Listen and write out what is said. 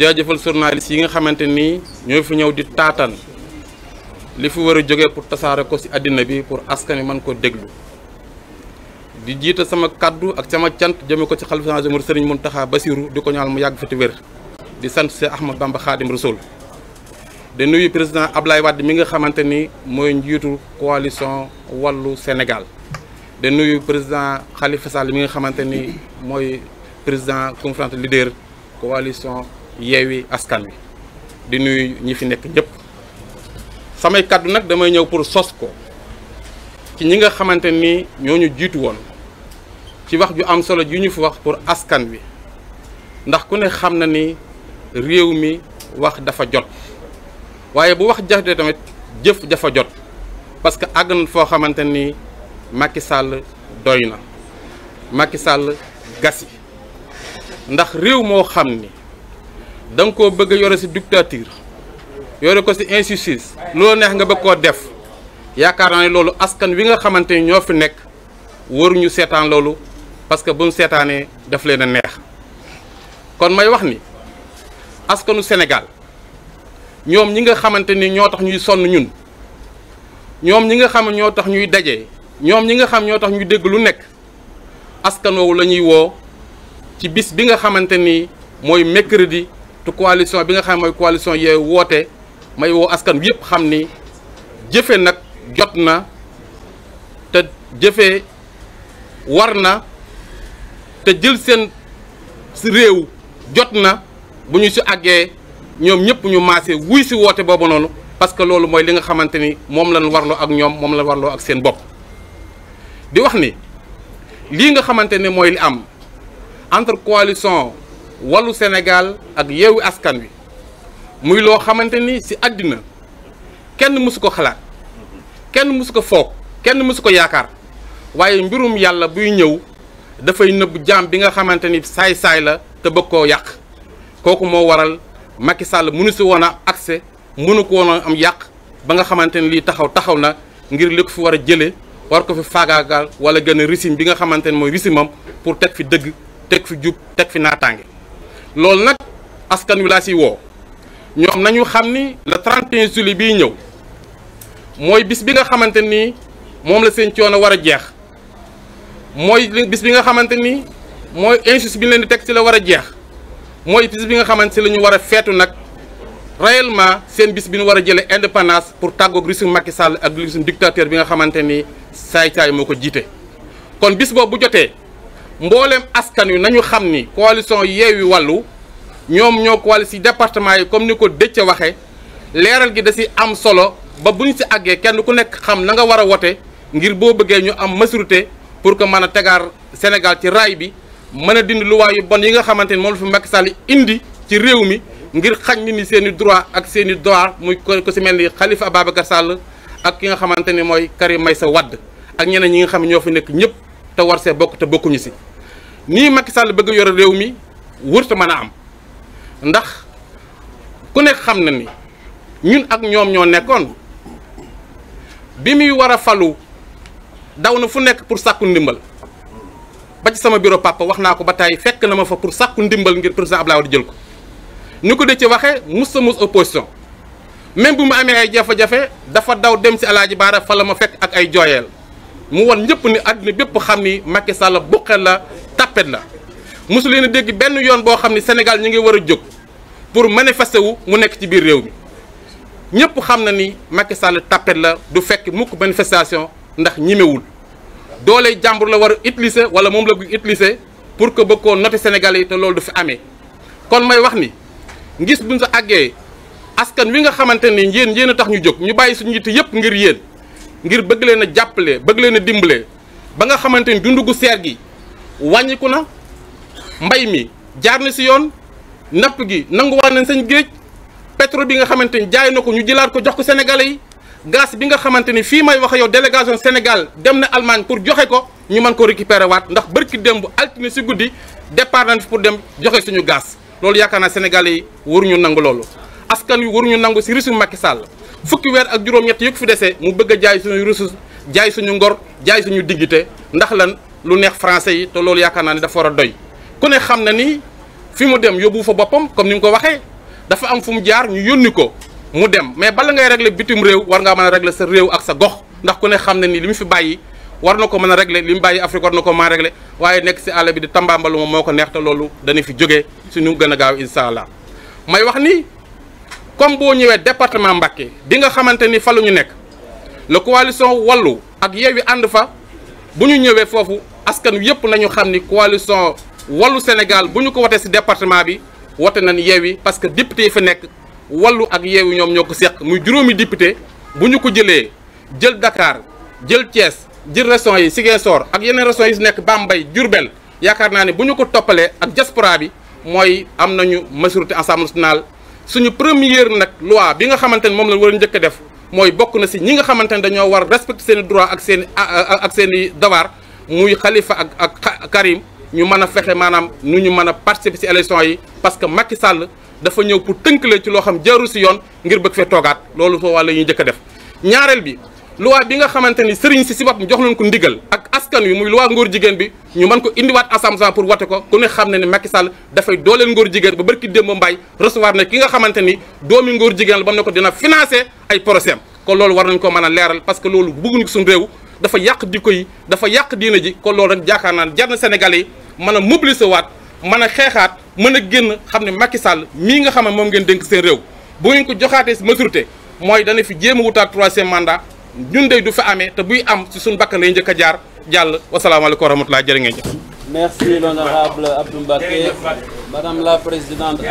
jaajëfal journaliste yi nga xamante ni ñoo fi ñëw di taataan li fi war a jóge pour tasaare ko ci àddina bi pour askan wi mën koo déglu di jiite sama kàddu ak sama cant jëme ko ci xalifa général mu Sëriñ Muntaxa Basiru di ko ñaal mu yàgg fa te wér di sant Seex Ahmad Bamba Xaadim Rasul da nuyu président Ablaye Wade mi nga xamante ni mooy njiitu coalition wàllu Sénégal da nuyu président Khalifa Sall mi nga xamante ni mooy président conférence leader coalition yeewi askan wi di nuyu ñi fi nekk ñëpp samay kàddu nag damay ñëw pour sos ko ci ñi nga xamante ni ñooñu jiitu woon ci wax ju am solo ju ñu fi wax pour askan wi ndax ku ne xam na ni réew mi wax dafa jot waaye bu wax jafe tamit jëf dafa jot parce que àgg na foo xamante ni Macky sàll doy na Macky sàll gasi ndax réew moo xam ni da nga koo bëgg yore si dictature yore ko si injustice loolu neex nga bëgg koo def yaakaar naa ne loolu askan wi nga xamante ni ñoo fi nekk waruñu seetaan loolu parce que bu mu seetaanee daf leen a neex kon may wax ni askanu Sénégal ñoom ñi nga xamante ni ñoo tax ñuy sonn ñun ñoom ñi nga xam ñoo tax ñuy daje ñoom ñi nga xam ñoo tax ñu dégg lu nekk askan woowu la ñuy woo ci bis bi nga xamante ni mooy mercredi. te bi nga xam mooy coalition yooyu woote may woo askan wi yëpp xam ni jëfe nag jot na te jëfe war na te jël seen réew jot na bu ñu si àggee ñoom ñëpp ñu maase wuy si woote boobu noonu parce que loolu mooy li nga xamante ni moom lañ warloo ak ñoom moom lañ warloo ak seen bopp di wax ni lii nga xamante ne mooy li am entre coalition wàllu Sénégal ak yeewu askan wi muy loo xamante ni ci àddina kenn mësu ko xalaat kenn mësu ko foog kenn mësu ko yaakaar waaye mbirum yàlla buy ñëw dafay nëbb jaam bi nga xamante ni saay-saay la te bëgg koo yàq kooku moo waral Macky Sall mënu ci woon a accès mënu ko woon a am yàq ba nga xamante ni lii taxaw taxaw na ngir lépp fi war a jëlee war ko fi fagaagal wala gën a risim bi nga xamante ni mooy risimam pour teg fi dëgg teg fi jub teg fi naataange loolu nag askan wi laa si woo ñoom nañu xam ni le 31 juillet bii ñëw mooy bis bi nga xamante ni moom la seen coono war a jeex mooy bis bi nga xamante ni mooy injustice bi leen di teg si la war a jeex mooy bis bi nga xamante si la war a feetu nag réellement seen bis bi nu war a jëlee indépendance pour tàggoog régime Macky Sall ak régime dictateur bi nga xamante ni saay-saay moo ko jiite kon bis boobu jotee. mbooleem askan wi nañu xam ni coalition Yewwi Wallu ñoom ñoo ko wàll ci département yi comme ni ko Déthié waxee leeral gi da ci am solo ba bu ñu ci àggee kenn ku nekk xam na nga war a wote ngir boo bëggee ñu am majorité pour que mën a tegaar Sénégal ci raay bi mën a dindi luwaa yu bon yi nga xamante ni moom la fi Macky Sall indi ci réew mi ngir xañ nit ñi seen i droit ak seen droit muy ko ci mel ni Khalifa Ababacar Sall ak ki nga xamante ni mooy Karim Meïssa Wade ak ñeneen ñi nga xam ñoo fi nekk ñëpp te war see bokk te bokkuñu ci. nii Macky Sall bëgg yore réew mi wërta mën a am ndax ku nekk xam na ni ñun ak ñoom ñoo nekkoon bi muy war a falu daw na fu nekk pour sàkku ndimbal ba ci sama bureau papa wax naa ko ba tàyyi fekk na ma fa pour sàkku ndimbal ngir président Abdoulaye Wade jël ko ni ko de ci waxe mus sa mus opposition même bu mu amee ay jafe-jafe dafa daw dem si alaaji baara fa la ma fekk ak ay jooyeel mu won ñëpp ni àddina bépp xam ni Macky Sall buqe la tapet mosu leen a dégg benn yoon boo xam ni Sénégal ñu ngiy war a jóg pour manifester wu mu nekk ci biir réew mi ñëpp xam na ni Macky Sall tapet la du fekk mukk manifestation ndax ñimewul doole jàmbur la war a utiliser wala moom la bëgg utiliser pour que bëgg koo noter Sénégalais yi te loolu du fi amee kon may wax ni ngis buñ sa àggee askan wi nga xamante ni yéen yéen a tax ñu jóg ñu bàyyi suñu yitte yëpp ngir yéen ngir bëgg leen a jàppale bëgg leen a dimbale ba nga xamante ni dundu seer gi wàññiku na mbay mi jaar na si yoon napp gi nanguwaat nañ seen géej pétrole bi nga xamante ni jaay na ko ñu jëlaat ko jox ko Sénégalais yi gaz bi nga xamante ni fii may waxe yow délégation Sénégal dem na Allemagne pour joxe ko ñu mën ko récupérer waat ndax bërki démb altine si guddi départ nañ pour dem joxe suñu gaas loolu yaakaar naa Sénégalais yi waruñu nangu loolu askan wi waruñu nangu si risque Macky Sall fukki weer ak juróom-ñett yu fi desee mu bëgg jaay suñu ressource jaay suñu ngor jaay suñu dignité ndax lan lu neex français yi te loolu yaakaar naa ni dafa war a doy ku ne xam na ni fi mu dem yóbbu fa boppam comme ni nga ko waxee dafa am fu mu jaar ñu yónni ko mu dem mais bala ngay régler bitim réew war ngaa mën a régler sa réew ak sa gox ndax ku ne xam na ni li mu fi bàyyi war na ko mën a régler li mu bàyyi Afrique war na ko mën a waaye nekk si àll bi di tambaambalu moom moo ko neex te loolu dana fi jógee suñu gën a gaaw incha allah may wax ni comme boo ñëwee département Mbacké di nga xamante ni fa lu ñu nekk la coalition wallu ak yeewi ànd fa. bu ñu ñëwee foofu askan yëpp nañu xam ni coalition wallu Sénégal bu ñu ko watee ci département bi wote nañ Yewwi parce que député yi fa nekk wallu ak Yewwi ñoom ñoo ko seq muy juróomi député bu ñu ko jëlee jël dakaar jël Thiès jël régions yi Ziguinchor ak yeneen régions yi nekk Bambey Diourbel yaakaar naa ne bu ñu ko toppalee ak diaspora bi mooy am nañu majorité Assemblée nationale suñu première nag loi bi nga xamante ne moom la war a njëkk a def mooy bokk na si ñi nga xamante ne dañoo war respecter seen i droit ak seen ak seeni i muy xalifa ak ak Karim ñu mën a fexe maanaam nu ñu mën a participer si élection yi parce que Macky sàll dafa ñëw pour tënkale ci loo xam jaarul si yoon ngir bëgg fee toogaat loolu foofu la ñuy njëkk a def ñaareel bi loi bi nga xamante ni sëriñ si si boppam jox leen ko ndigal ak askan wi muy loi ngóor jigéen bi ñu mën ko indiwaat assemblée pour wate ko ku ne xam ne ne Macky Sall dafay dooleel ngóor jigéen ba barki démb mbaay recevoir ne ki nga xamante ni doomi ngóor jigéen la ba mu ne ko dina financer ay projet kon loolu war nañ ko mën a leeral parce que loolu bëgguñu ko suñu réew dafa yàq jikko yi dafa yàq diina ji kon loolu rek jaakaar naan jar na Sénégalais yi mën a mobiliser waat mën a xeexaat mën a génn xam ne Macky Sall mii nga xam ne moom ngeen dénk seen réew bu ngeen ko joxaatee si maturité mooy dana fi jéem a wutaat troisième ñun dey du fa amee te buy am si suñu bakkan lay njëkk jaar jàll wasalaamaaleykum wa rahmatulah jërë ngeen merci l'honorable Abdou Mbacké madame la présidente